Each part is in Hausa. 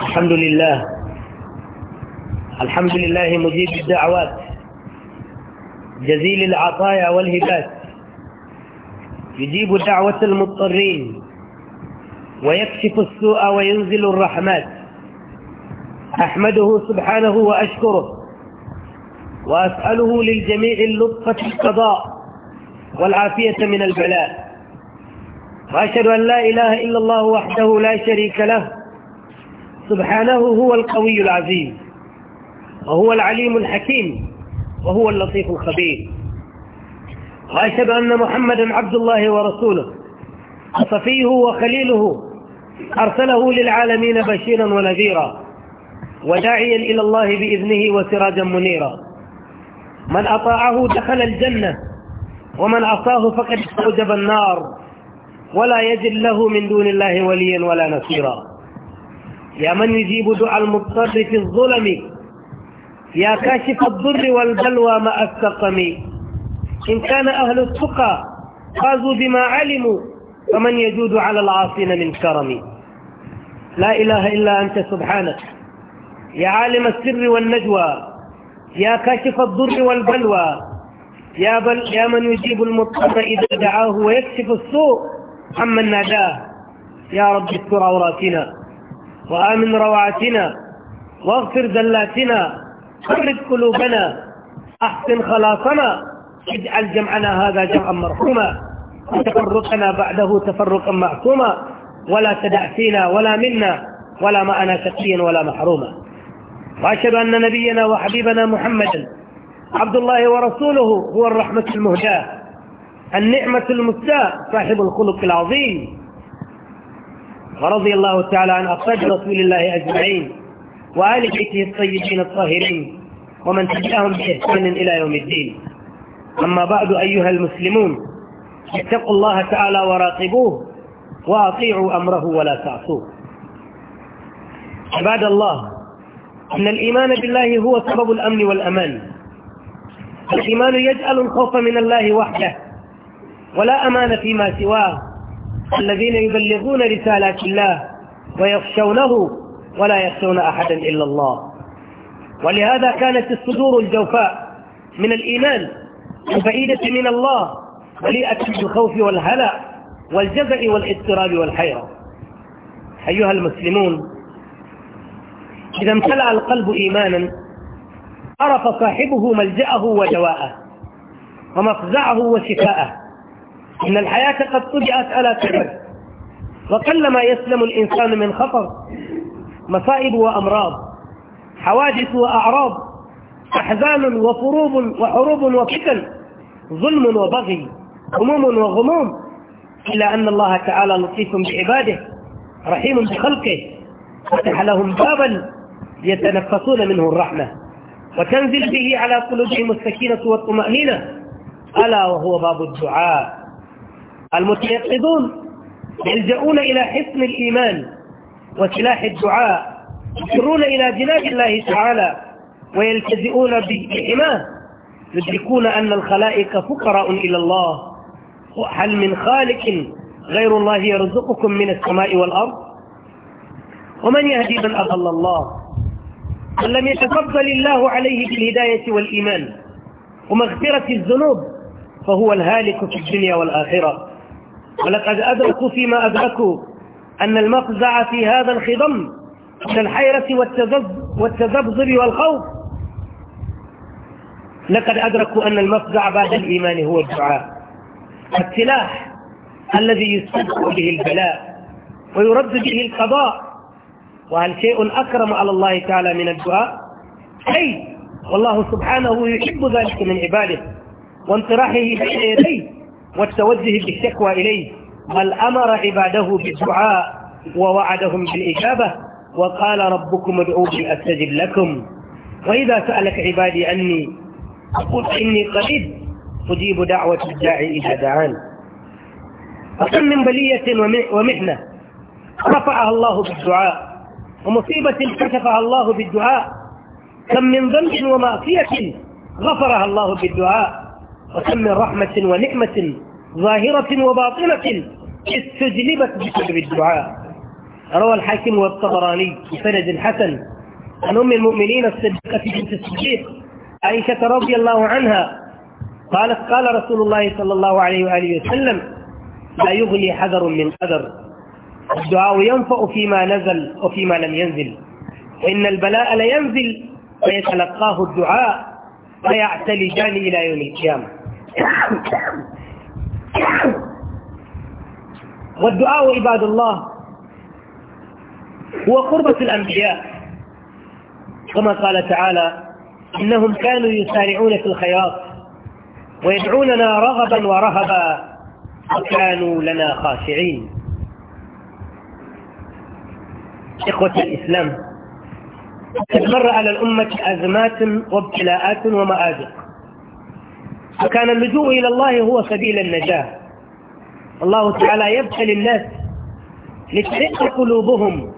الحمد لله الحمد لله مجيب الدعوات جزيل العطايا والهبات يجيب دعوة المضطرين ويكشف السوء وينزل الرحمات أحمده سبحانه وأشكره وأسأله للجميع اللطف في القضاء والعافية من البلاء وأشهد أن لا إله إلا الله وحده لا شريك له سبحانه هو القوي العزيز وهو العليم الحكيم وهو اللطيف الخبير وأشهد أن محمدا عبد الله ورسوله وصفيه وخليله أرسله للعالمين بشيرا ونذيرا وداعيا إلى الله بإذنه وسراجا منيرا من أطاعه دخل الجنة ومن عصاه فقد استوجب النار ولا يجد له من دون الله وليا ولا نصيرا يا من يجيب دعاء المضطر في الظلم يا كاشف الضر والبلوى مع السقم إن كان أهل التقى فازوا بما علموا فمن يجود على العاصين من كرم لا إله إلا أنت سبحانك يا عالم السر والنجوى يا كاشف الضر والبلوى يا, بل يا من يجيب المضطر إذا دعاه ويكشف السوء عمن ناداه يا رب استر عوراتنا وآمن رواعتنا واغفر ذلاتنا فرد قلوبنا أحسن خلاصنا اجعل جمعنا هذا جمعا مرحوما وتفرقنا بعده تفرقا معصوما ولا تدع فينا ولا منا ولا معنا شقيا ولا محروما وأشهد أن نبينا وحبيبنا محمدا عبد الله ورسوله هو الرحمة المهداة النعمة المستاء صاحب الخلق العظيم ورضي الله تعالى عن أصحاب رسول الله أجمعين وآل بيته الطيبين الطاهرين ومن تبعهم بإحسان إلى يوم الدين أما بعد أيها المسلمون اتقوا الله تعالى وراقبوه وأطيعوا أمره ولا تعصوه عباد الله أن الإيمان بالله هو سبب الأمن والأمان الإيمان يجعل الخوف من الله وحده ولا أمان فيما سواه الذين يبلغون رسالات الله ويخشونه ولا يخشون أحدا إلا الله ولهذا كانت الصدور الجوفاء من الإيمان البعيدة من الله مليئة بالخوف والهلع والجزع والاضطراب والحيرة أيها المسلمون إذا امتلأ القلب إيمانا عرف صاحبه ملجأه ودواءه ومفزعه وشفاءه إن الحياة قد طبعت على كبر وقلما يسلم الإنسان من خطر مصائب وأمراض حوادث وأعراض أحزان وفروب وحروب وفتن ظلم وبغي هموم وغموم إلا أن الله تعالى لطيف بعباده رحيم بخلقه فتح لهم بابا يتنفسون منه الرحمة وتنزل به على قلوبهم السكينة والطمأنينة ألا وهو باب الدعاء المتيقظون يلجؤون إلى حصن الإيمان وسلاح الدعاء يسرون إلى جناح الله تعالى ويلتزئون بحماه يدركون أن الخلائق فقراء إلى الله هل من خالق غير الله يرزقكم من السماء والأرض ومن يهدي من أضل الله من لم يتفضل الله عليه بالهداية والإيمان ومغفرة الذنوب فهو الهالك في الدنيا والآخرة ولقد أدركوا فيما أدركوا أن المقزع في هذا الخضم من الحيرة والتذبذب والخوف لقد أدركوا أن المفزع بعد الإيمان هو الدعاء السلاح الذي يستدعى به البلاء ويرد به القضاء وهل شيء أكرم على الله تعالى من الدعاء أي والله سبحانه يحب ذلك من عباده وانطراحه بين يديه والتوجه بالشكوى إليه بل أمر عباده بالدعاء ووعدهم بالإجابة وقال ربكم ادعوني أستجب لكم وإذا سألك عبادي عني أقول إني قريب أجيب دعوة الداعي إذا دعان فكم من بلية ومحنة رفعها الله بالدعاء ومصيبة كشفها الله بالدعاء كم من ذنب ومعصية غفرها الله بالدعاء وكم من رحمة ونعمة ظاهرة وباطنة استجلبت بسبب الدعاء روى الحاكم والطبراني بسند حسن عن أم المؤمنين الصديقة بنت الصديق عائشة رضي الله عنها قالت قال رسول الله صلى الله عليه وآله وسلم لا يغني حذر من قدر الدعاء ينفع فيما نزل وفيما لم ينزل وإن البلاء لينزل فيتلقاه الدعاء فيعتلجان إلى يوم القيامة والدعاء عباد الله هو قربة الأنبياء كما قال تعالى إنهم كانوا يسارعون في الخيرات ويدعوننا رغبا ورهبا وكانوا لنا خاشعين إخوة الإسلام قد مر على الأمة أزمات وابتلاءات ومآزق فكان اللجوء إلى الله هو سبيل النجاة الله تعالى يبتلي الناس لتحق قلوبهم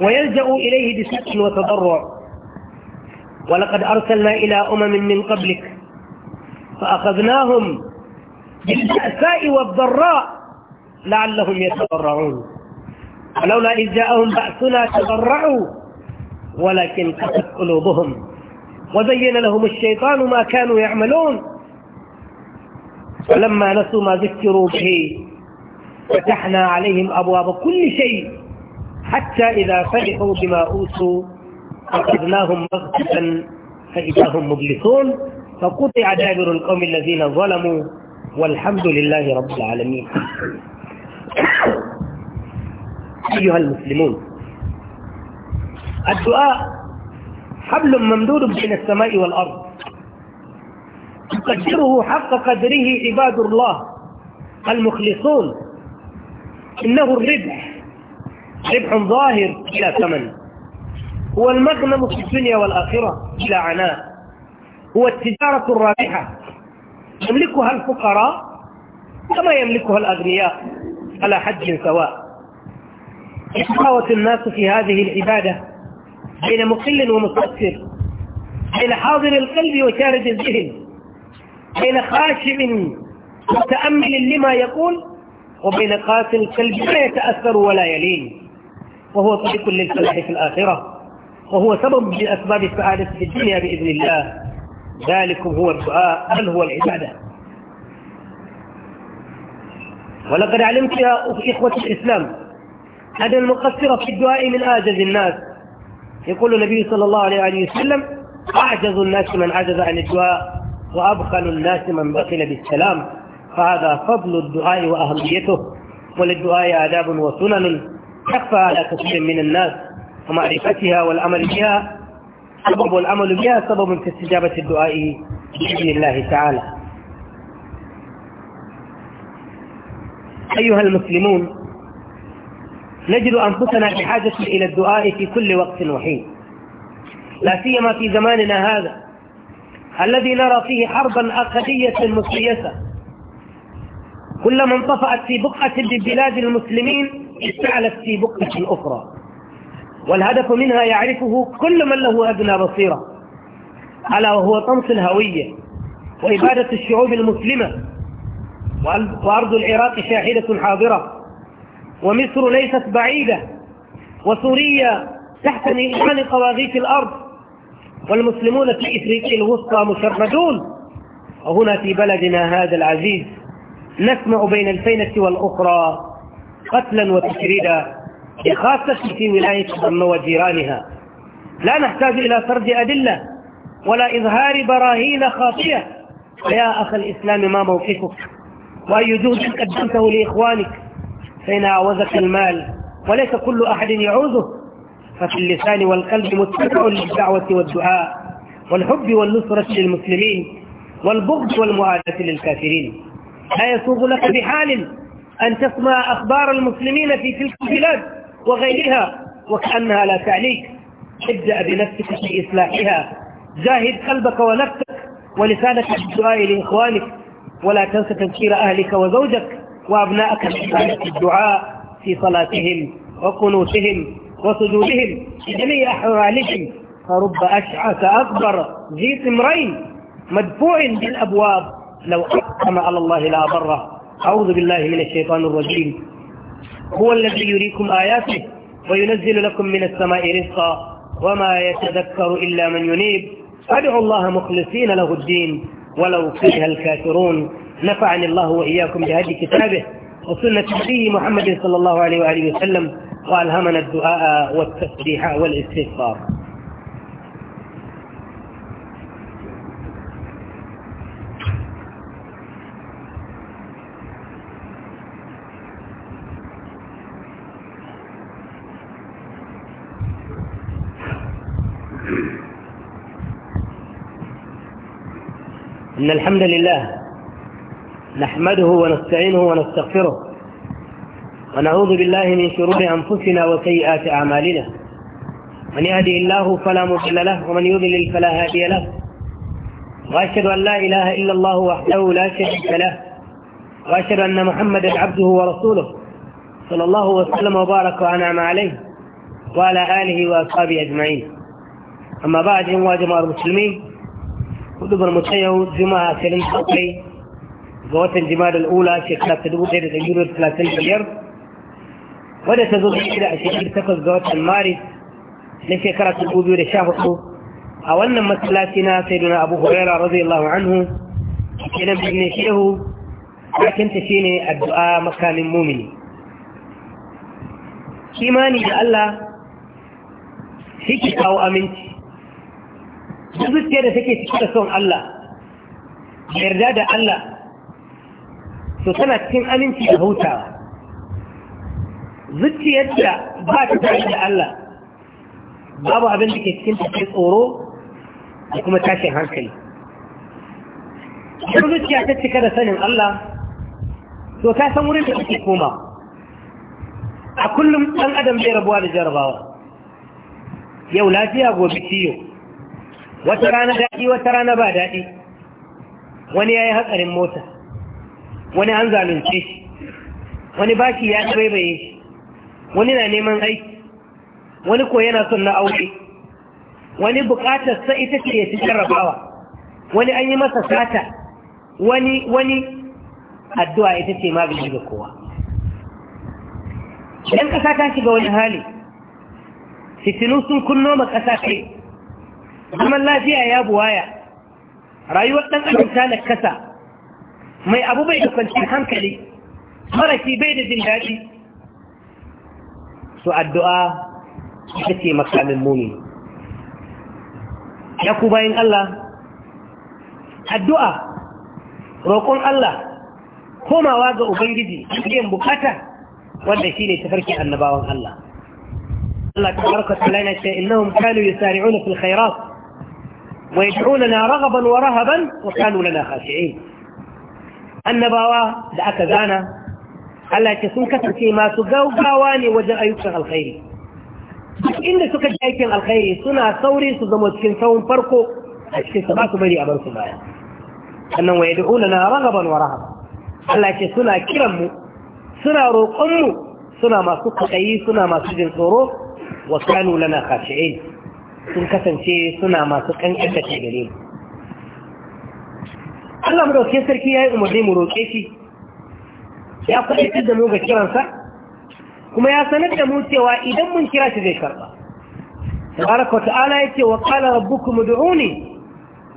ويلجأ إليه بسكن وتضرع ولقد أرسلنا إلى أمم من قبلك فأخذناهم بالبأساء والضراء لعلهم يتضرعون ولولا إذ جاءهم بأسنا تضرعوا ولكن قست قلوبهم وزين لهم الشيطان ما كانوا يعملون فلما نسوا ما ذكروا به فتحنا عليهم أبواب كل شيء حتى إذا فرحوا بما أوتوا أخذناهم مغفة فإذا هم مبلسون فقطع دابر القوم الذين ظلموا والحمد لله رب العالمين أيها المسلمون الدعاء حبل ممدود بين السماء والأرض وقدره حق قدره عباد الله المخلصون إنه الربح ربح ظاهر بلا ثمن هو المغنم في الدنيا والآخرة بلا عناء هو التجارة الرابحة يملكها الفقراء كما يملكها الأغنياء على حد سواء يتفاوت الناس في هذه العبادة بين مقل ومستكثر بين حاضر القلب وشارد الذهن بين خاشع متأمل لما يقول وبين قاتل كلب لا يتأثر ولا يلين وهو طريق للفلاح في الآخرة وهو سبب من أسباب السعادة في الدنيا بإذن الله ذلك هو الدعاء بل هو العبادة ولقد علمت يا إخوة الإسلام أن المقصر في الدعاء من أعجز الناس يقول النبي صلى الله عليه وسلم أعجز الناس من عجز عن الدعاء وأبخل الناس من بخل بالسلام فهذا فضل الدعاء وأهميته وللدعاء آداب وسنن تخفى على كثير من الناس ومعرفتها والعمل بها سبب العمل بها سبب في استجابة الدعاء بإذن الله تعالى أيها المسلمون نجد أنفسنا بحاجة إلى الدعاء في كل وقت وحين لا سيما في زماننا هذا الذي نرى فيه حربا أقلية مسيسة كلما انطفأت في بقعة ببلاد المسلمين اشتعلت في بقعة أخرى والهدف منها يعرفه كل من له أدنى بصيرة ألا وهو طمس الهوية وإبادة الشعوب المسلمة وأرض العراق شاهدة حاضرة ومصر ليست بعيدة وسوريا تحت نيران طواغيت الأرض والمسلمون في إفريقيا الوسطى مشردون وهنا في بلدنا هذا العزيز نسمع بين الفينة والأخرى قتلا وتشريدا خاصة في ولاية الضم وجيرانها لا نحتاج إلى سرد أدلة ولا إظهار براهين خاطئة فيا أخ الإسلام ما موقفك وأي جهد قدمته لإخوانك فإن أعوزك المال وليس كل أحد يعوزه ففي اللسان والقلب متبع للدعوة والدعاء والحب والنصرة للمسلمين والبغض والمعادة للكافرين لا يسوغ لك بحال أن تسمع أخبار المسلمين في تلك البلاد وغيرها وكأنها لا تعنيك ابدأ بنفسك في إصلاحها جاهد قلبك ونفسك ولسانك الدعاء لإخوانك ولا تنسى تذكير أهلك وزوجك وأبنائك في الدعاء في صلاتهم وقنوتهم وسجودهم في جميع أحوالهم فرب أشعث أكبر ذي ثمرين مدفوع بالأبواب لو أقسم على الله لا بره أعوذ بالله من الشيطان الرجيم هو الذي يريكم آياته وينزل لكم من السماء رزقا وما يتذكر إلا من ينيب فادعوا الله مخلصين له الدين ولو كره الكافرون نفعني الله وإياكم بهدي كتابه وسنة نبيه محمد صلى الله عليه وآله وسلم وألهمنا الدعاء والتسبيح والاستغفار إن الحمد لله نحمده ونستعينه ونستغفره ونعوذ بالله من شرور أنفسنا وسيئات أعمالنا من يهدي الله فلا مضل له ومن يضلل فلا هادي له وأشهد أن لا إله إلا الله وحده لا شريك له وأشهد أن محمدا عبده ورسوله صلى الله وسلم وبارك وأنعم عليه وعلى آله وأصحابه أجمعين أما بعد إن واجب المسلمين كتب متيو جماعة سلم حقي جوات الجمال الأولى شيخ لا تدبو غير الأجور الثلاثين بليار wadda ta zo da ashirin takwas ga watan maris na shekara dubu biyu da sha hudu a wannan masallaci na sayyiduna abu hurairah radiyallahu anhu kenan bin shehu bakinta shine addu'a makamin mumini kimani da Allah shi ke kawo aminci zuciya da take cike da son Allah yarda da Allah to tana cikin aminci da hutawa zuciyar da ba ta tare da Allah babu abin da ke cikin ta tsoro da kuma tashin hankali idan zuciya ta cika da sanin Allah to ta san wurin da take koma a kullum ɗan adam bai rabuwa da jarabawa yau lafiya gobe ciyo wata rana daɗi wata rana ba daɗi wani ya yi hatsarin mota wani an zalunce shi wani bashi ya tabaibaye shi wani na neman aiki wani ko yana son na aure wani bukatar sa ita ce ya fi jarrabawa wani an yi masa sata wani wani addu'a ita ce magani ga kowa idan ƙasa ta shiga wani hali fitinu sun kunno ma ƙasa kai zaman lafiya ya buwaya rayuwar ɗan adam ta kasa. mai abu bai da kwanci hankali maraki bai da jin daɗi su addu'a ita ce makamin muni ya ku bayan Allah addu'a roƙon Allah komawa ga Ubangiji yin bukata wanda shine ne tafarkin annabawan Allah Allah ta barka ta lana ce innahum kanu yusari'una fil khairat wa yad'una raghaban wa rahaban wa kanu lana khashi'in annabawa da aka gana Allah ce sun kasance masu gaugawa ne wajen ayyukan alkhairi duk inda suka ji aikin alkhairi suna sauri su zama cikin tsawon farko a cikin su ba su bari a bar baya sannan wa yad'una na ragaban wa rahaba Allah ce suna kiran mu suna roƙon mu suna masu kakayi suna masu jin tsoro wa kanu lana khashi'in sun kasance suna masu kankanta gare mu Allah mu dauke sarki yayi umarni mu roƙe shi ya kwaɗaitar da mu ga kiransa kuma ya sanar da mu cewa idan mun kira shi zai karɓa tabaraka ta'ala ya ce wa qala rabbukum ud'uni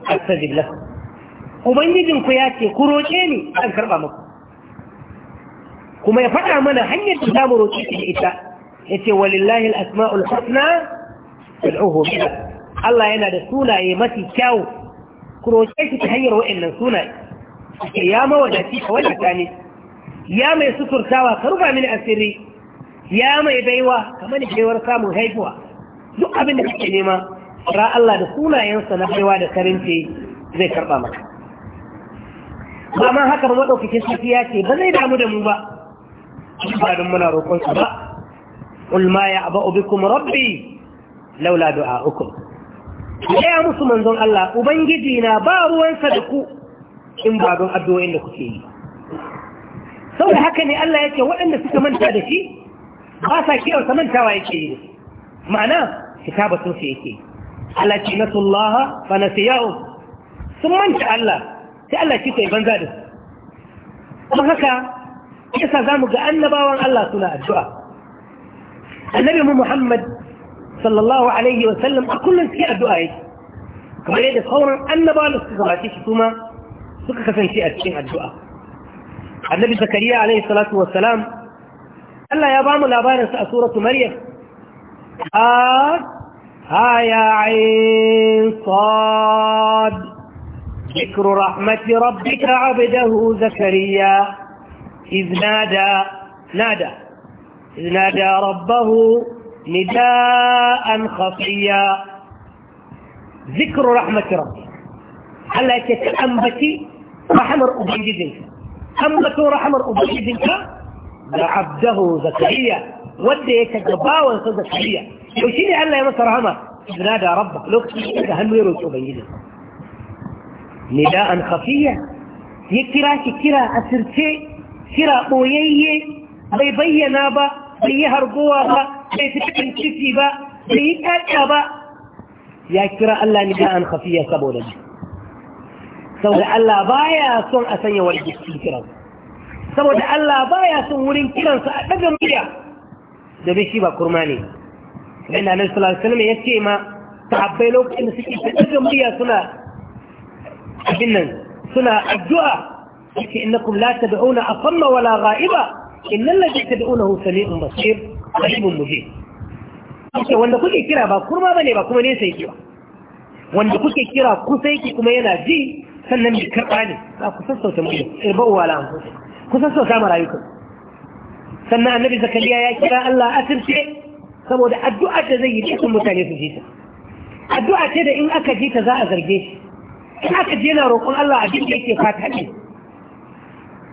astajib lakum ubangijin ku ya ce ku roƙe ni zan karɓa muku kuma ya faɗa mana hanyar da zamu roƙe shi ita yace walillahi al-asma'ul husna fad'uhu biha Allah yana da sunaye mafi kyau ku roƙe shi ta hanyar wa'annan sunaye ya mawadaci a wadata ne ya mai suturtawa ka rufa mini asiri ya mai baiwa kamar baiwar samun haihuwa duk abin da kake nema ra Allah da sunayensa na baiwa da karinci zai karba maka ba ma haka maɗaukakin sarki ya ce ba zai damu da mu ba ba don muna roƙonsa ba Ulma ya aba يعبأ Rabbi laula du'a دعاؤكم ya musu manzon Allah ubangiji na ba ruwansa da ku in ba don addu'o'in da kuke yi sau da haka ne Allah ya ce waɗanda suka manta da shi ba sa kiyarsa mantawa yake yi ma'ana kitaba sun yake yi Allah ce nasullaha fa nasiyahu sun manta Allah sai Allah ce kai banza da kuma haka za mu ga annabawan Allah suna addu'a annabi mu Muhammad sallallahu alaihi wa sallam a kullum suke addu'a yake kamar yadda sauran annabawan suka gabace shi kuma suka kasance a cikin addu'a النبي زكريا عليه الصلاة والسلام قال يا بام لا الأبان سورة مريم ها ها يا عين صاد ذكر رحمة ربك عبده زكريا إذ نادى نادى إذ نادى ربه نداء خفيا ذكر رحمة ربك هل يتأنبتي رحمة ربك جزيزي حملة رحمر أبشد إنك لعبده زكريا وديك جباوة زكريا وشيني ألا يمس رحمة نادى ربك لو كنت هل ويروك أبيني نداء خفية يكرا كرا أسرتي كرا قويي بيبينا با بيهر قواها بيسكن كتبا بيكاكا با يكرا ألا نداء خفية سبولا saboda Allah ba ya son a sanya wani kiran saboda Allah baya son wurin kiransa a daga murya da bai shi ba kurma ne inda Annabi sallallahu alaihi wasallam ya ce ma sahabbai lokacin da suke daga murya suna abin nan suna addu'a yake innakum la a asamma wala in ta ghaiba innal ladhi tad'unahu sami'un basir qaribun mujib ake wanda kuke kira ba kurma bane ba kuma ne sai kiwa wanda kuke kira kusa yake kuma yana ji sannan mai karɓa ne za ku sassauta mu irba'u wa la'amfu ku sassauta ma rayukan sannan annabi zakariya ya kira Allah asirce saboda addu'a da zai yi dukkan mutane su ji ta addu'a ce da in aka ji ta za a zarge shi in aka je na roƙon Allah abin da yake fata ne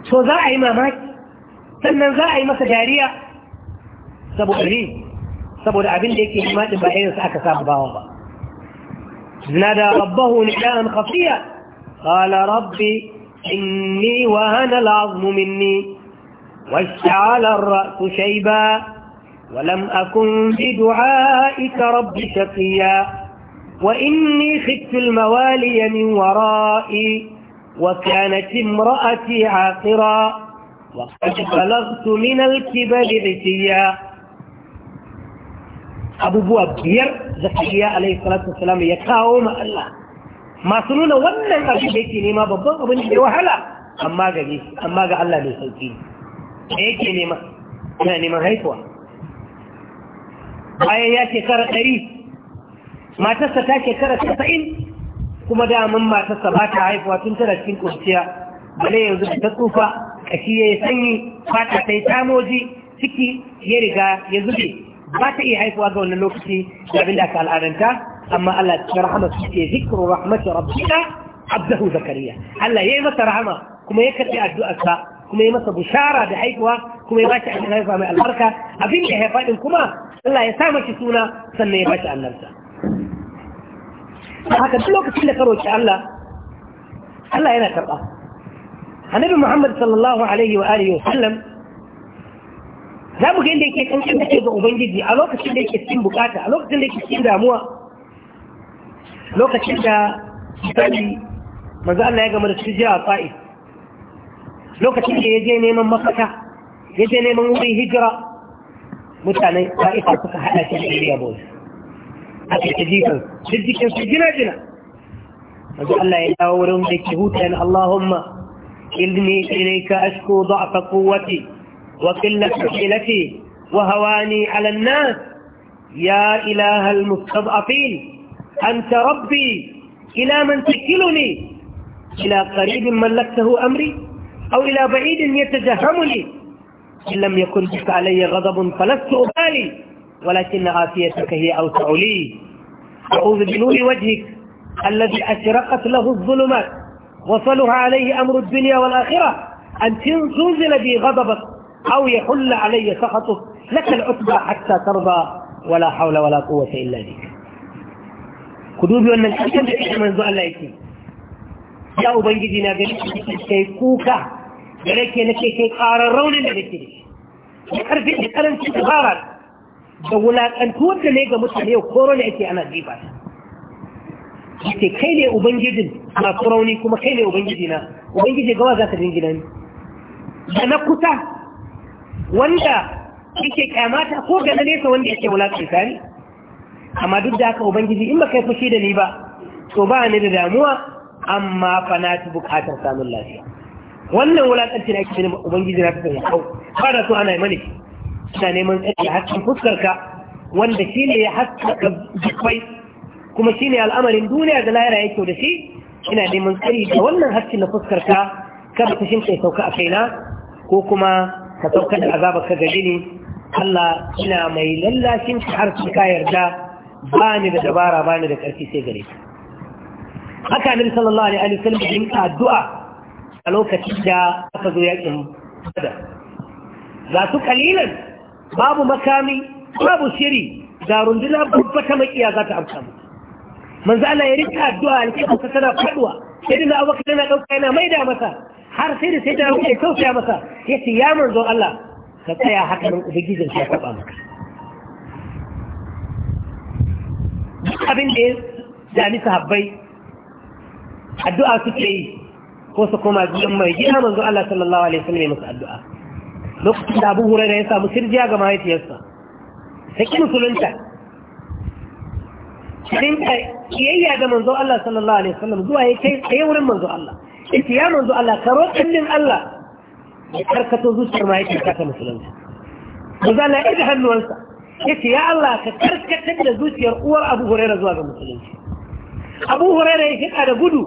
so za a yi mamaki sannan za a yi masa dariya saboda ne saboda abin da yake himadin ba irinsa aka samu bawan ba zina da rabbahu nida'an khafiya قال ربي إني وهن العظم مني واشتعل الرأس شيبا ولم أكن بدعائك رب شقيا وإني خدت الموالي من ورائي وكانت امرأتي عاقرا وقد بلغت من الكبر عتيا أبو بواب بير زكريا عليه الصلاة والسلام يكاوم الله masu nuna wannan abin da yake nema babban abin da ya wahala amma ga amma ga Allah mai sauki da yake nema yana neman haifuwa. bayan ya shekara ɗari matarsa ta shekara casa'in? kuma daman matarsa ba ta haifuwa tun tana cikin kurciya bale yanzu ta tsufa kashi ya yi sanyi fata ta yi tamoji ciki ya riga ya zube ba ta iya haifuwa ga wannan lokaci da abin da aka al'adanta amma Allah cikin rahama su ke zikirin rahmatu rabbina abdahu zakariya Allah ya yi masa rahama kuma ya karɓi addu'arsa kuma ya masa bushara da haihuwa kuma ya bashi abin haifa mai albarka abin da haifa din kuma Allah ya sa mashi suna sannan ya bashi annabta haka duk lokacin da ka roki Allah Allah yana karɓa annabi Muhammad sallallahu alaihi wa alihi wa sallam za mu ga inda yake kankan da ke ga ubangiji a lokacin da yake cikin bukata a lokacin da yake cikin damuwa lokacin da sani manzo Allah ya gama da cikin jiya fa'i lokacin da ya je neman mafaka ya je neman wurin hijira mutanen fa'ifa suka haɗa shi da Area Boys a cikin jifan jijjikin su jina jina manzo Allah ya dawo wurin da ke hutan Allahumma إني إليك أشكو ضعف قوتي وقلة حيلتي وهواني على الناس يا إله المستضعفين أنت ربي إلى من تكلني إلى قريب ملكته أمري أو إلى بعيد يتجهمني إن لم يكن بك علي غضب فلست أبالي ولكن عافيتك هي أوسع لي أعوذ بنور وجهك الذي أشرقت له الظلمات وصلها عليه أمر الدنيا والآخرة أن تنزل بي غضبك أو يحل علي سخطك لك العتبى حتى ترضى ولا حول ولا قوة إلا بك ku dubi wannan cikin da ita manzo Allah yake ya ubangiji na gari kai kuka da rake nake kai karar raunin da nake da shi da karfi da karanci da bara da wulakantu wanda ne ga mutane yau korona yake ana jiba yake kai ne ubangijin masu rauni kuma kai ne ubangiji na ubangiji gawa za ka jingina ni da na kusa wanda yake kyamata ko ga nesa wanda yake wulakanta ne amma duk da haka ubangiji in ba kai fushi da ni ba to ba ni da damuwa amma fa na ci bukatar samun lafiya wannan wulakanci na kike ubangiji na tafiya hau ba da so ana yi mani ina neman tsaye hakkin fuskar ka wanda ne ya haskaka dukkai kuma shi ne al'amarin duniya da lahira yake da shi ina neman tsari da wannan hakkin na fuskar ka kada ka shinka sauka a kaina ko kuma ka sauka da azabar ka gare ni Allah ina mai lallashin har ka yarda ba ni da dabara ba ni da ƙarfi sai gare shi haka annabi sallallahu alaihi wasallam da yin addu'a a lokacin da aka zo yakin badar za su kalilan babu makami babu shiri ga runduna babba ta makiya za ta amsa manzo Allah ya rika addu'a alƙawarin ka tana faduwa sai dinga abubakar yana dauka yana maida masa har sai da sai da ya tausaya masa yace ya manzo Allah ka tsaya haka nan ubangijin ya faɗa maka duk abin da ya dami sahabbai addu'a suke yi ko su koma biyan mai gina manzo Allah sallallahu alaihi wasallam musu addu'a lokacin da Abu Hurairah ya samu sirjiya ga mahaifiyarsa sai kin musulunta Shirin ta kiyayya ga manzo Allah sallallahu alaihi wasallam zuwa ya kai tsaye wurin manzo Allah ita ya manzo Allah karo kallin Allah ya karkato zuciyar mahaifiyarsa ta musulunta manzo Allah ya ji yake ya Allah ka karkatar da zuciyar uwar Abu Hurairah zuwa ga musulunci Abu Hurairah ya shiga da gudu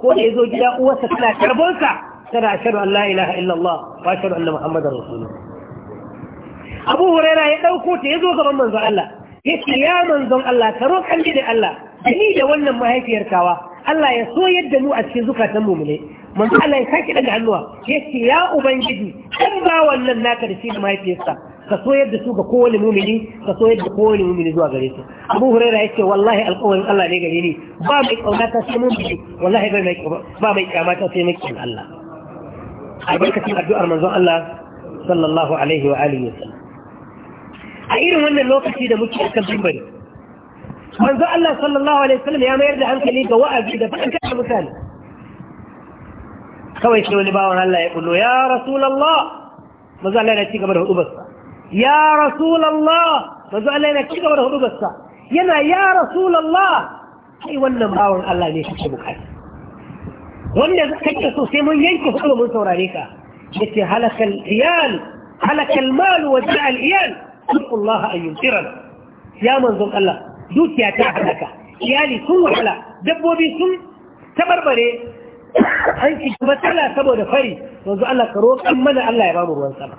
ko da yazo gida uwarsa tana karbonsa tana ashhadu an la ilaha illallah wa ashhadu anna muhammadar rasulullah Abu Hurairah ya dauko ta yazo gaban manzon Allah yake ya manzon Allah ka roƙan da Allah ni da wannan mahaifiyar kawa Allah ya so yadda mu a cikin zukatan mumune manzon Allah ya saki daga hannuwa yake ya ubangiji kan ba wannan naka da shi da mahaifiyarsa ka soyar da su ga kowane mumini ka soyar da kowane mumini zuwa gare su abu huraira yace wallahi alƙawarin Allah ne gare ni ba mai kaunata sai mumini wallahi ba mai ba mai kyamata sai mai kin Allah albarkacin addu'ar manzon Allah sallallahu alaihi wa alihi wasallam a irin wannan lokaci da muke akan bimbari manzon Allah sallallahu alaihi wasallam ya mayar da hankali ga wa'azi da faɗin kan mutane kawai sai wani bawan Allah ya kullo ya rasulullah manzon Allah ya ci gaba da hudubarsa ya rasulallah manzo Allah yana ci gaba da hudu gasa yana ya rasulallah Ai wannan bawan Allah ne kake bukata wanda kake so sai mun yanke hudu mun saurare ka yace halakal iyal halakal mal wa ja'al iyal qul Allah an yumtirana ya manzo Allah dukiya ta halaka iyali sun wahala dabbobi sun tabarbare an ci matsala saboda fari yanzu Allah ka roƙan mana Allah ya ba mu ruwan sama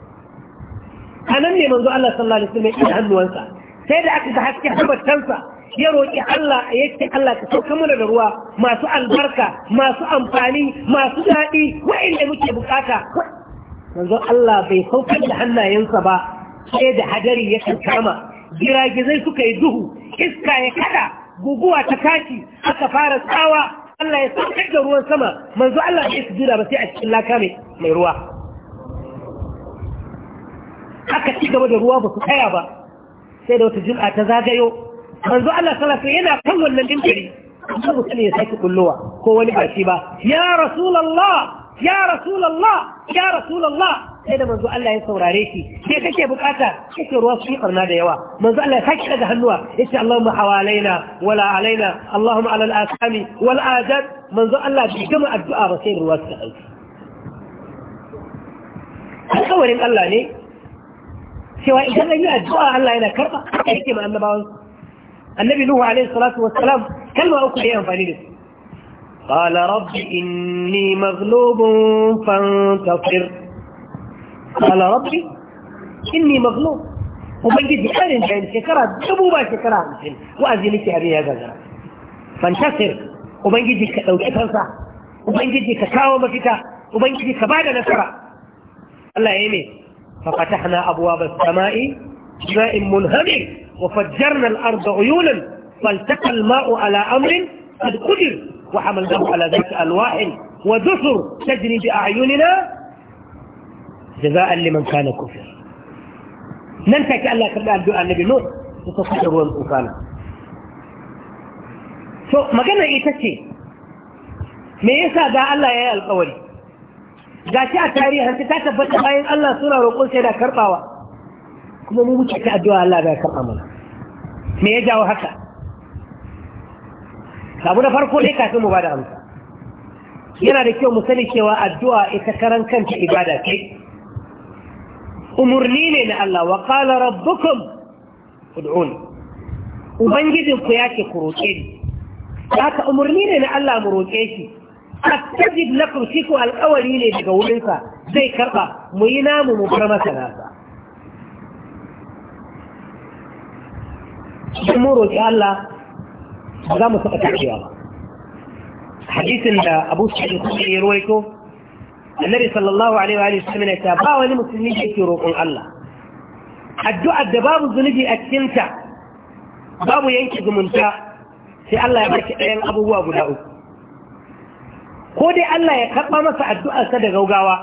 a nan ne manzo Allah sallallahu alaihi wasallam ya ɗaga hannuwansa sai da aka ga haske habatansa ya roƙi Allah ce Allah ka sauka mana da ruwa masu albarka masu amfani masu daɗi wa'inda muke bukata manzo Allah bai saukar da hannayensa ba sai da hadari ya kankama giragizai suka yi duhu iska ya kada guguwa ta kashi aka fara tsawa Allah ya saukar da ruwan sama manzo Allah bai su jira ba sai a cikin laka mai ruwa aka ci gaba da ruwa ba su tsaya ba sai da wata jum'a ta zagayo manzo Allah sallallahu yana kan wannan dinkari amma mutum ya sake kullowa ko wani ba shi ba ya rasulullah ya rasulullah ya rasulullah sai da manzo Allah ya saurare shi sai kake bukata kake ruwa su karna da yawa manzo Allah ya saki daga hannuwa yace Allahumma hawalaina wala alaina Allahumma ala al-asami wal adad manzo Allah bai gama addu'a ba sai ruwa su dauki alƙawarin Allah ne cewa idan an yi addu'a Allah yana karɓa a أن ma النبي annabi عليه الصلاة والسلام wassalam kalma uku da قال رب إني مغلوب فانتصر قال رب إني مغلوب وبنجد أرن بين شكرا دبوبا شكرا وأزلت أبي هذا فانتصر وبنجد كأوكي فانصح وبنجد كاوم بكتا وبنجد كبعد نصر الله يمين ففتحنا أبواب السماء بماء منهمر وفجرنا الأرض عيونا فالتقى الماء على أمر قد قدر وحملناه على ذات ألواح ودثر تجري بأعيننا جزاء لمن كان كفر ننسى كأن لا كرد النبي نوح وتصدر وانسانا so كان ita ce me yasa ga Allah ya shi a tarihi ta tabbata bayan Allah suna roƙon sai da karɓawa kuma mu wuce ta addu'a Allah da karɓa mana me ya jawo haka abu na farko dai kafin mu bada amsa yana da kyau mu sani cewa addu'a ita karan kanta ibada ce umurni ne na Allah wa qala rabbukum ud'un ubangijin ku yake ku roƙe ni haka umurni ne na Allah mu roƙe shi أكتب لك رسيك الأولي لجولك زي كرقة مينام مبرمة ثلاثة جمهور شاء الله هذا مستقبل يا الله حديث ان ابو سعيد الخدري يرويته النبي صلى الله عليه واله وسلم يتابع المسلمين في روح الله الدعاء الدباب الزنجي اكتمت باب ينكز منتا في الله يبارك ابو ابو داود ko dai Allah ya karɓa masa addu'arsa da gaugawa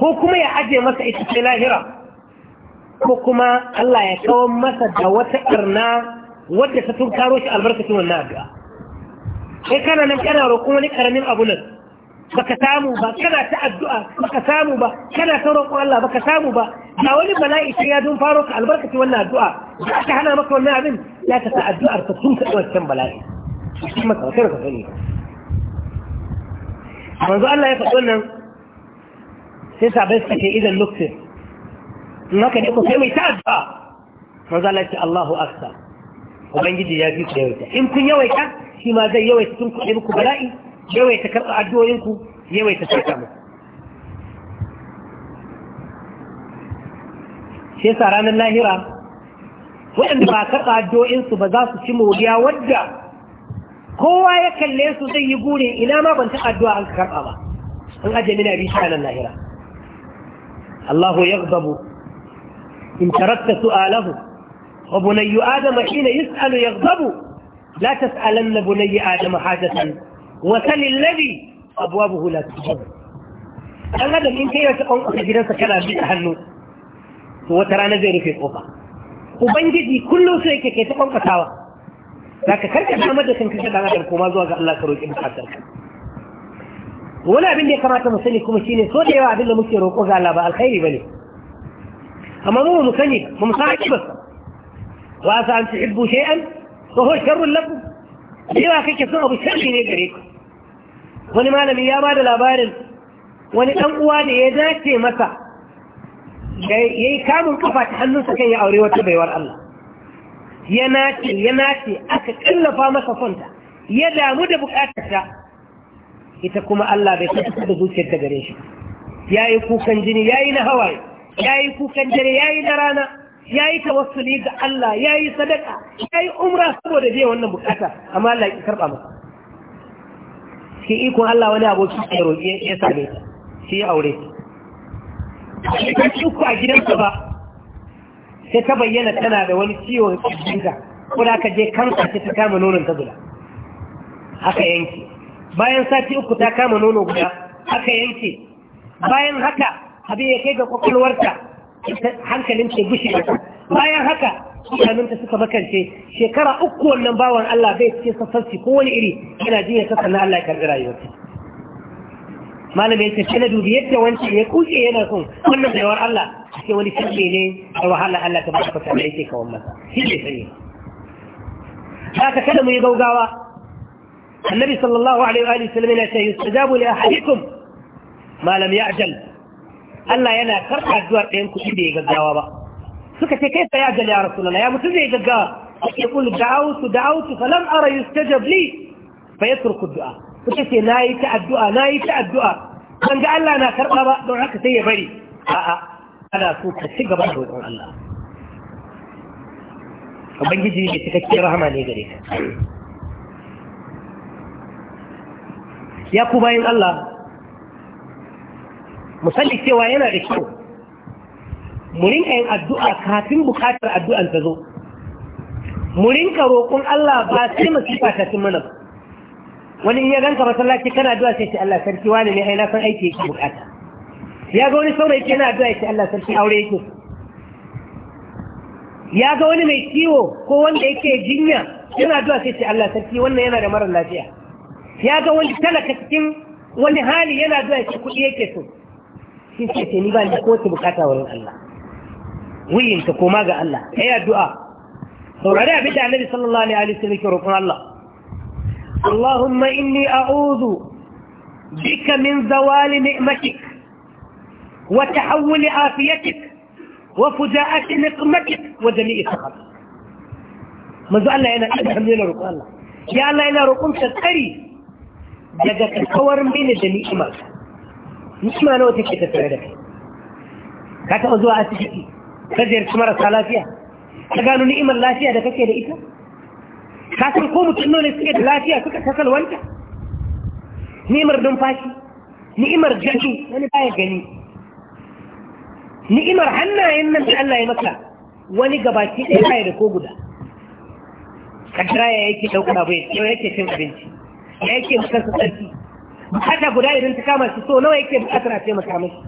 ko kuma ya aje masa ita ce lahira ko kuma Allah ya kawo masa da wata ƙarna wadda ta tun karo shi albarkacin wannan addu'a sai kana nan kana roƙon wani ƙaramin abu nan baka samu ba kana ta addu'a baka samu ba kana ta roƙon Allah baka samu ba ga wani bala'i sai ya dun faro ka albarkaci wannan addu'a da aka hana maka wannan abin ya ka ta addu'ar ka tun ka wancan bala'i kuma ka ka sani manzo Allah ya faɗo nan sai sabai suka ce idan lukfin in haka ne ku sai mai ta'adda manzo Allah ya ce Allahu akbar ubangiji ya fi ku yawaita in kun yawaita shi ma zai yawaita tun ku muku ku bala'i yawaita karɓa addu'o'inku yawaita sarka muku shi yasa ranar lahira waɗanda ba karɓa addu'o'insu ba za su ci moriya wadda kowa ya kalle su zai yi gure ina ma ban taɓa addu'a an karɓa ba an aje mina bi ranar lahira Allahu yaghdabu in tarakta su'alahu wa bunayyu adama hina yas'alu yaghdabu la tas'alanna bunayyi adama hajatan wa sal alladhi abwabuhu la tuhab dan adam in kai wata ƙwanƙwata gidansa kana bi hannu to wata rana zai rufe ƙofa ubangiji kullum sai yake kai ta ƙwanƙwatawa zaka karka samar da kanka da dan koma zuwa ga Allah ka roki bukatar ka wani abin da ya kamata mu sani kuma shine so da yawa abin da muke roƙo ga Allah ba alkhairi bane amma mu mu sani mu san Ba wa sa an tuhibbu shay'an wa huwa sharrun lakum yawa kake son abu sharri ne gare ku wani malami ya ba da labarin wani dan uwa da ya dace masa yayi kamun kafa ta hannunsa kan ya aure wata baiwar Allah ya nace ya nace aka kallafa masa fanta ya damu da bukatarsa ita kuma Allah bai kasa da zuciyar ta gare shi ya yi kukan jini ya yi na hawaye ya yi kukan dare ya yi na rana ya yi tawassuli ga Allah ya yi sadaka ya yi umra saboda biya wannan bukata amma Allah ya karɓa masa shi ikon Allah wani aboki ya roƙe ya same ta shi ya aure ta shi a gidansa ba sai ta bayyana tana da wani ciwon ƙirjinta kuna aka je kanka ce ta kama nonon ta guda aka yanke bayan sati uku ta kama nono guda aka yanke bayan haka abin ya kai ga kwakwalwarta hankalin ta gushi bayan haka ta suka makance shekara uku wannan bawon Allah bai cikin sassarci ko wani iri yana jiya sassan na Allah ya karɓi rayuwarsa malam ya ce kana dubi yadda wancan ya kuke yana son wannan baiwar Allah sai wani sirri ne da wahala Allah ta baka ta yake kawan masa shi ne sani haka kada mu yi gaugawa annabi sallallahu alaihi wa alihi sallam yana ce yustajabu li ahadikum ma lam ya'jal Allah yana karɓa addu'ar ɗayan kuɗi bai gaggawa ba suka ce kai ya ajal ya rasulullah ya mutum zai gaggawa yaqulu da'awtu da'awtu falam ara yustajab li fa yatruku du'a kuke ce na yi ta addu'a na yi ta addu'a ban ga Allah na karɓa ba don haka sai ya bari a'a ana so ka ci gaba da roƙon Allah ubangiji ne cikakken rahama ne gare ka ya ku bayan Allah musalli cewa yana da kyau mu rinka yin addu'a kafin bukatar addu'an ta zo mu rinka roƙon Allah ba sai masifa ta cin mana ba wani in ya ganka masallaci kana addu'a sai ce Allah sarki wani ne ai na san aiki yake bukata ya ga wani saurayi yana ya yake Allah sarki aure yake ya ga wani mai ciwo ko wanda yake jinya yana addu'a sai ce Allah sarki wannan yana da marar lafiya ya ga wani talaka cikin wani hali yana ya yake kuɗi yake so shi ce ce ni ba ni ko ta bukata wurin Allah wuyinka koma ga Allah kai addu'a saurari abin da Annabi sallallahu alaihi wasallam ke roƙon Allah اللهم إني أعوذ بك من زوال نعمتك وتحول عافيتك وفجاءة نقمتك وجميع سخطك ماذا قال لنا الحمد لله رب الله يا الله إنا رقم شكري جدا من جميع ما مش ما نوتي كيف تفعلك كانت أزواء أسجئي فزير كمارة صلاة فيها فقالوا نعم الله فيها دكتك يا رئيسة ka san ko mutum ne suke da lafiya suka kasalwanta ni'imar numfashi ni'imar jiki wani baya gani ni'imar hannayen nan da Allah ya maka wani gabaki ɗaya baya da ko guda kaddara ya yake ɗaukar abu ya yake cin abinci ya yake su tsarki bukata guda idan ta kama su so nawa yake bukatar a taimaka mashi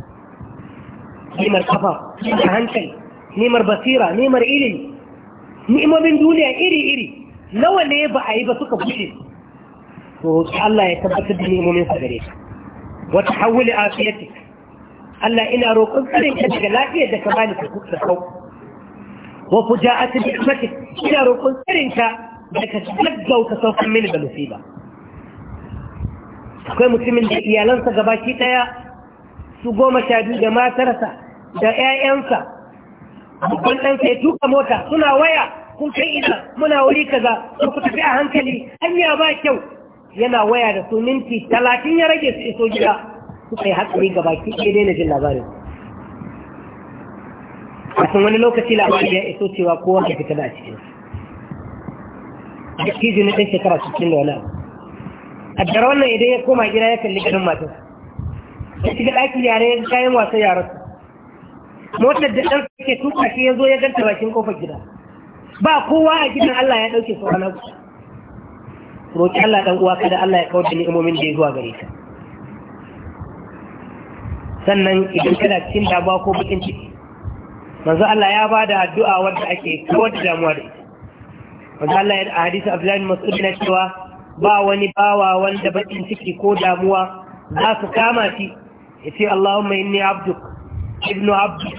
ni'imar kafa ni'imar hankali ni'imar basira ni'imar ilimi ni'imomin duniya iri iri nawa ne ba a yi ba suka bushe to Allah ya tabbatar da nemomin sa gare ka wa tahawuli afiyatik Allah ina roƙon tsarin ka daga lafiyar da ka bani ka kuka kau wa fuja'at bi'matik ina roƙon tsarin ka daga gaggauta saukan mini da musiba akwai mutumin da iyalansa gabaki ɗaya su goma sha biyu da matarsa da 'ya'yansa babban ɗansa ya tuka mota suna waya kun kai ina muna wuri kaza ko ku tafi a hankali hanya ba kyau yana waya da su minti talatin ya rage su iso gida su yi hatsari ga baki ɗaya daina jin labarin kafin wani lokaci labarin ya iso cewa kowa ka fita da a cikin su dattijo na ɗan shekara cikin da wani abu jar wannan idan ya koma gida ya kalli garin matar ya shiga ɗakin yare ya kayan wasan yaran motar da ɗan ke tuka shi ya zo ya ganta bakin kofar gida ba kowa a gidan Allah ya ɗauke sauran haƙƙi roƙi Allah ɗan uwa kada Allah ya kawo da ni'imomin da ya zuwa gare ka sannan idan kana cikin damuwa ko bakin ciki manzo Allah ya bada addu'a wadda ake kawar da damuwa da ita manzo Allah ya a hadisi Abdullahi Mas'ud na cewa ba wani bawa wanda bakin ciki ko damuwa za su kama shi ya ce Allahumma inni abduk ibnu abduk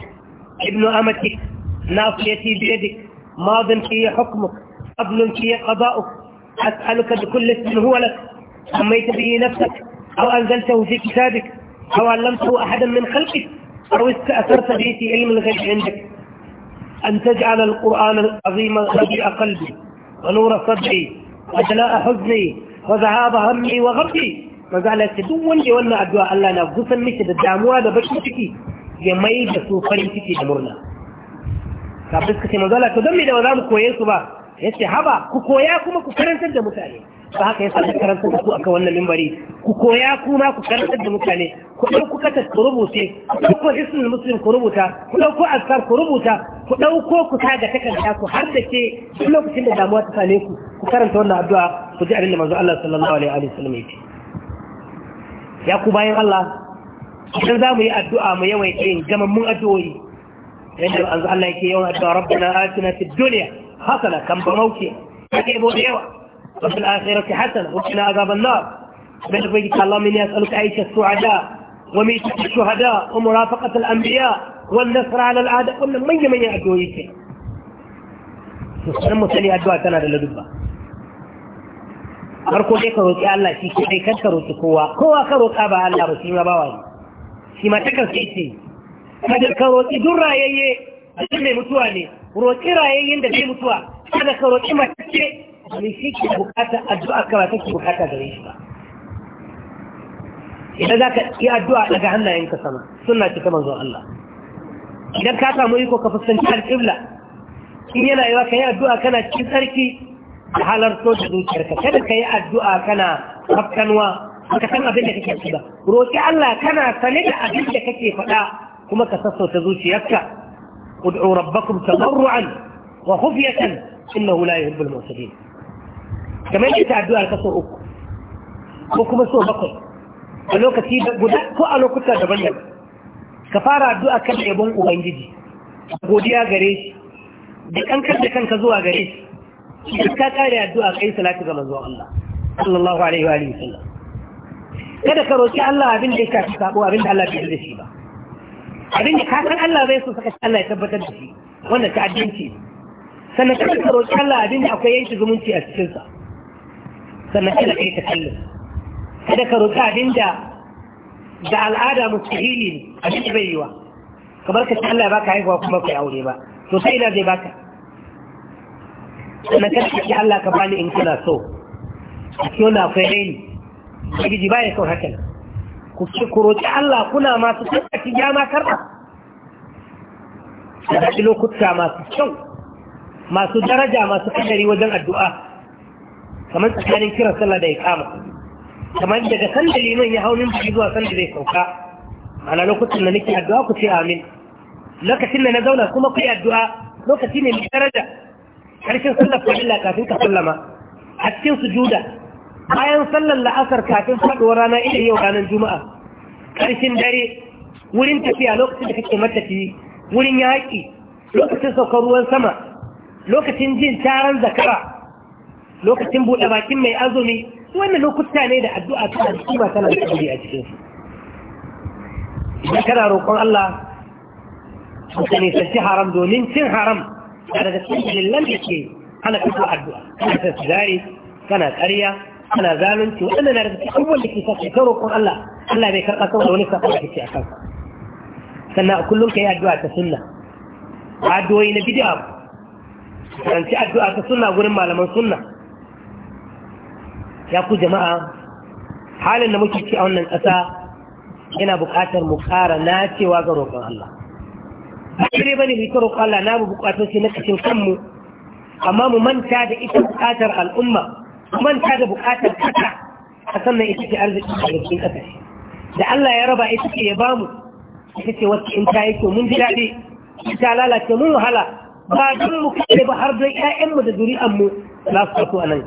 ibnu amatik nafiyati biyadik ماض في حكمك قبل في قضاؤك أسألك بكل اسم هو لك سميت به نفسك أو أنزلته في كتابك أو علمته أحدا من خلقك أو استأثرت به في علم الغيب عندك أن تجعل القرآن العظيم ربيع قلبي ونور صدري وجلاء حزني وذهاب همي وغبي وجعل سدوا لي duk wanda wannan addu'a Allah na gusan miki da damuwa kafin suka ce manzo to don me da ba za mu koye su ba Ya ce haba ku koya kuma ku karantar da mutane ba haka ya sami karantar da ku akan wannan mimbari ku koya kuma ku karantar da mutane ku dauko kata ku rubuce ku ɗauko ismul muslim ku rubuta ku ɗauko asar ku rubuta ku ɗauko ku ta ga takarda ku har da ke lokacin da damuwa ta same ku ku karanta wannan addu'a ku ji abin da manzo Allah sallallahu alaihi wa sallam yake ya ku bayan Allah idan za mu yi addu'a mu yawaita yin gamammun addu'o'i yadda an Allah yake yawan addu'a rabbana atina fid dunya hasana kan ba mauke kake bo da yawa wa fil akhirati hasana wa qina adhaban nar من فضلك اللهم إني أسألك عيش السعداء وميتة الشهداء ومرافقة الأنبياء والنصر على الأعداء قلنا من يمن يأدوا يكي سنمو سني أدوا تنا للدبا farko dai ka roƙi Allah shi ke kai kan ka roƙi kowa kowa ka roƙa ba Allah ba shi ma bawa shi ma ta karfe ce kada ka roƙi duk rayayye cikin mai mutuwa ne roƙi rayayyen da bai mutuwa kada ka roƙi mace wani shi ke bukata addu'a ka ba take bukata gare shi ba idan za ka yi addu'a daga hannayenka sama suna ce ta manzon Allah idan ka samu iko ka fuskanci al-qibla in yana yiwa ka yi addu'a kana cikin sarki halar so da ka, kada ka yi addu'a kana hafkanwa ka san abin da kake ci ba roƙi Allah kana sane da abin da kake faɗa kuma ka sassauta zuciyarka ud'u rabbakum tadarruan wa khufyatan innahu la yuhibbul mu'tadin kamar yadda addu'a ka so uku ko kuma so bakwai a lokaci guda ko a lokuta daban-daban ka fara addu'a kan yabon ubangiji godiya gare shi da kankar da kanka zuwa gare shi idan ka kare addu'a kai salatu ga manzo Allah sallallahu alaihi wa sallam. kada ka roki Allah abin da ya shafi sabo abin da Allah bai da shi ba abin da kasan Allah zai so saka Allah ya tabbatar da shi wanda ta addinci sannan kada ka roƙi Allah abin da akwai yanki zumunci a cikin sa sannan kada kai ta kallon kada ka roƙi abin da da al'ada mustahili ne abin da bai wa, kamar ka ce Allah ya baka haihuwa kuma kai aure ba to sai ina zai baka sannan kada ka ce Allah ka bani in kana so a cikin wanda akwai raini ubangiji ba ya son haka nan ku ce ku roƙi Allah kuna masu tsarkaki ya ma karɓa da daɗi lokuta masu kyau masu daraja masu kadari wajen addu'a kamar tsakanin kiran sallah da ya kama kamar daga sanda liman ya hau numfashi zuwa sanda zai sauka Mana lokacin da nake addu'a ku ce amin lokacin da na zauna kuma ku yi addu'a lokaci ne mai daraja ƙarshen sallar fa'ila kafin ka sallama a cikin sujuda bayan sallar la'asar kafin faɗuwar rana ina yau ranar juma'a ƙarshen dare wurin tafiya lokacin da kake matafi wurin yaƙi lokacin saukar ruwan sama lokacin jin taron zakara lokacin buɗe bakin mai azumi wannan lokuta ne da addu'a tana da tana da kuri a cikin su idan kana roƙon Allah ka nisanci haram domin cin haram da daga cikin dalilan da ke hana fito addu'a kana ta kana ƙarya ana zalunci waɗanda na rikici abubuwan da ke sa shekaru kun Allah Allah bai karɓa saboda wani sakon da kake a kansa sannan a kullum ka yi addu'a ta sunna addu'o'i na bid'a karanci addu'a ta sunna gurin malaman sunna ya ku jama'a halin da muke ci a wannan ƙasa yana buƙatar mu ƙara na cewa ga roƙon Allah a kire bane mu ta roƙon Allah na mu buƙatar shi na kashin kanmu amma mu manta da ita buƙatar al'umma manta da bukatar kasa a sannan ita ce arziki a cikin kasashe da Allah ya raba ita ce ya bamu ita ce wacce in ta yake mun ji daɗi Ita lalace mun wahala ba don mu kare ba har don ƴaƴanmu da zuri'anmu za su taso a nan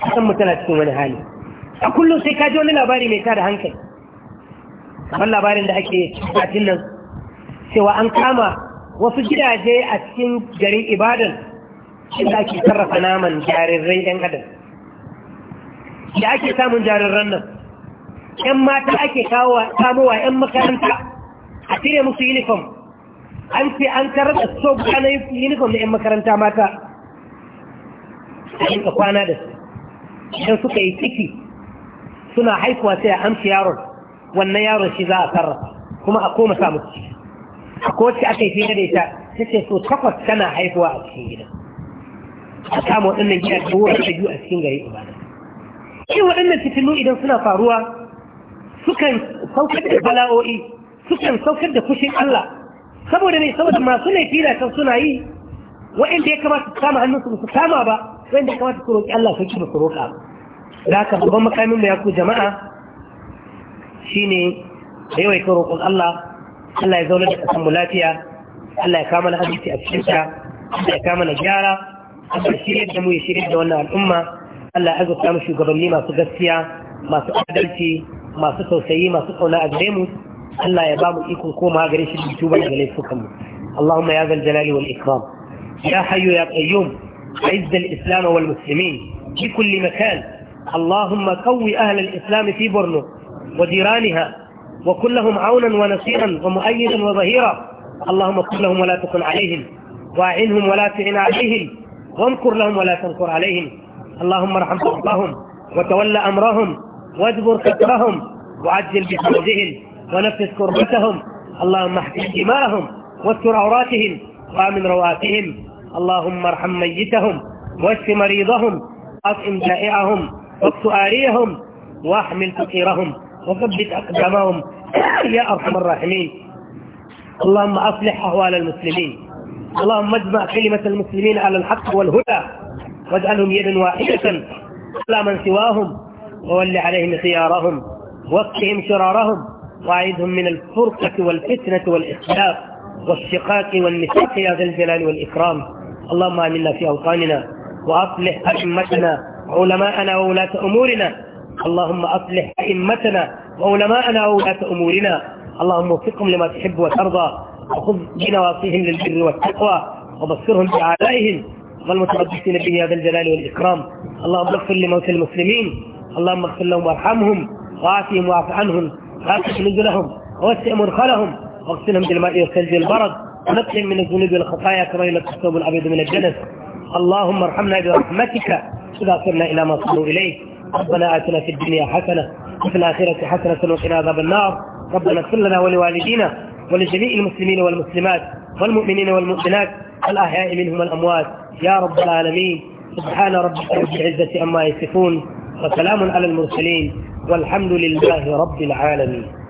kasan mu tana cikin wani hali a kullum sai ka ji wani labari mai tada hankali kamar labarin da ake cikin nan cewa an kama wasu gidaje a cikin garin ibadan inda ake sarrafa naman jarirai yan adam da ake samun jararren nan ‘yan mata ake kamowa ‘yan makaranta a cire musu uniform an ce an karɓa so na uniform na ‘yan makaranta mata a yanka kwana da su idan suka yi ciki suna haifuwa sai a amshi yaron wannan yaron shi za a sarrafa kuma a koma samun ciki a kowace aka yi fiye da ita ta ce so takwas tana haifuwa a cikin gida a samu waɗannan gida wuwa ta biyu a cikin gari ibada irin waɗannan fitilu idan suna faruwa sukan saukar da bala'o'i sukan saukar da fushin Allah saboda ne saboda masu laifi da kan suna yi waɗanda ya kamata su kama hannunsu ba su kama ba waɗanda ya kamata su roƙi Allah su ci ba su roƙa da haka babban makamin mu ya ku jama'a shine da yawaita roƙon Allah Allah ya zaune da ƙasanmu lafiya Allah ya kama na hadisi a cikinta Allah ya kama na gyara Allah ya shirya da mu ya shirya da wannan al'umma Allah ya azurta mu shugabanni masu gaskiya masu adalci masu tausayi masu kauna a gare mu Allah ya ba mu ikon koma gare shi da tuba daga laifukan mu Allahumma ya zal jalali wal ikram ya hayyu ya qayyum عز الإسلام والمسلمين في كل مكان اللهم قوي أهل الإسلام في برنو وجيرانها وكن لهم عونا ونصيرا ومؤيدا وظهيرا اللهم كن لهم ولا تكن عليهم واعنهم ولا تعن عليهم وامكر لهم ولا تنكر عليهم اللهم ارحم صحبهم وتول أمرهم واجبر كترهم وعجل بفوزهم ونفس كربتهم اللهم احفظ دماءهم واستر عوراتهم وامن رواتهم اللهم ارحم ميتهم واشف مريضهم اطعم جائعهم واكس اريهم واحمل فقيرهم وثبت اقدامهم يا ارحم الراحمين اللهم اصلح احوال المسلمين اللهم اجمع كلمه المسلمين على الحق والهدى واجعلهم يدا واحدة على من سواهم وول عليهم خيارهم وقهم شرارهم وأعذهم من الفرقة والفتنة والإخلاق والشقاق والنفاق يا ذا الجلال والإكرام اللهم آمنا في أوطاننا وأصلح أئمتنا علماءنا وولاة أمورنا اللهم أصلح أئمتنا وعلماءنا وولاة أمورنا اللهم وفقهم لما تحب وترضى وخذ بنواصيهم للبر والتقوى وبصرهم بأعدائهم والمتربصين به هذا الجلال والإكرام اللهم اغفر لموتى المسلمين اللهم اغفر لهم وارحمهم وعافهم واعف عنهم واسع نزلهم ووسع مدخلهم واغسلهم بالماء والثلج والبرد ونقهم من الذنوب والخطايا كما يلقى الثوب الابيض من الجنس اللهم ارحمنا برحمتك اذا صرنا الى ما صلوا اليه ربنا اتنا في الدنيا حسنه وفي الاخره حسنه وقنا عذاب النار ربنا اغفر لنا ولوالدينا ولجميع المسلمين والمسلمات والمؤمنين والمؤمنات الأحياء منهم الأموات يا رب العالمين سبحان ربك رب العزة عما يصفون وسلام على المرسلين والحمد لله رب العالمين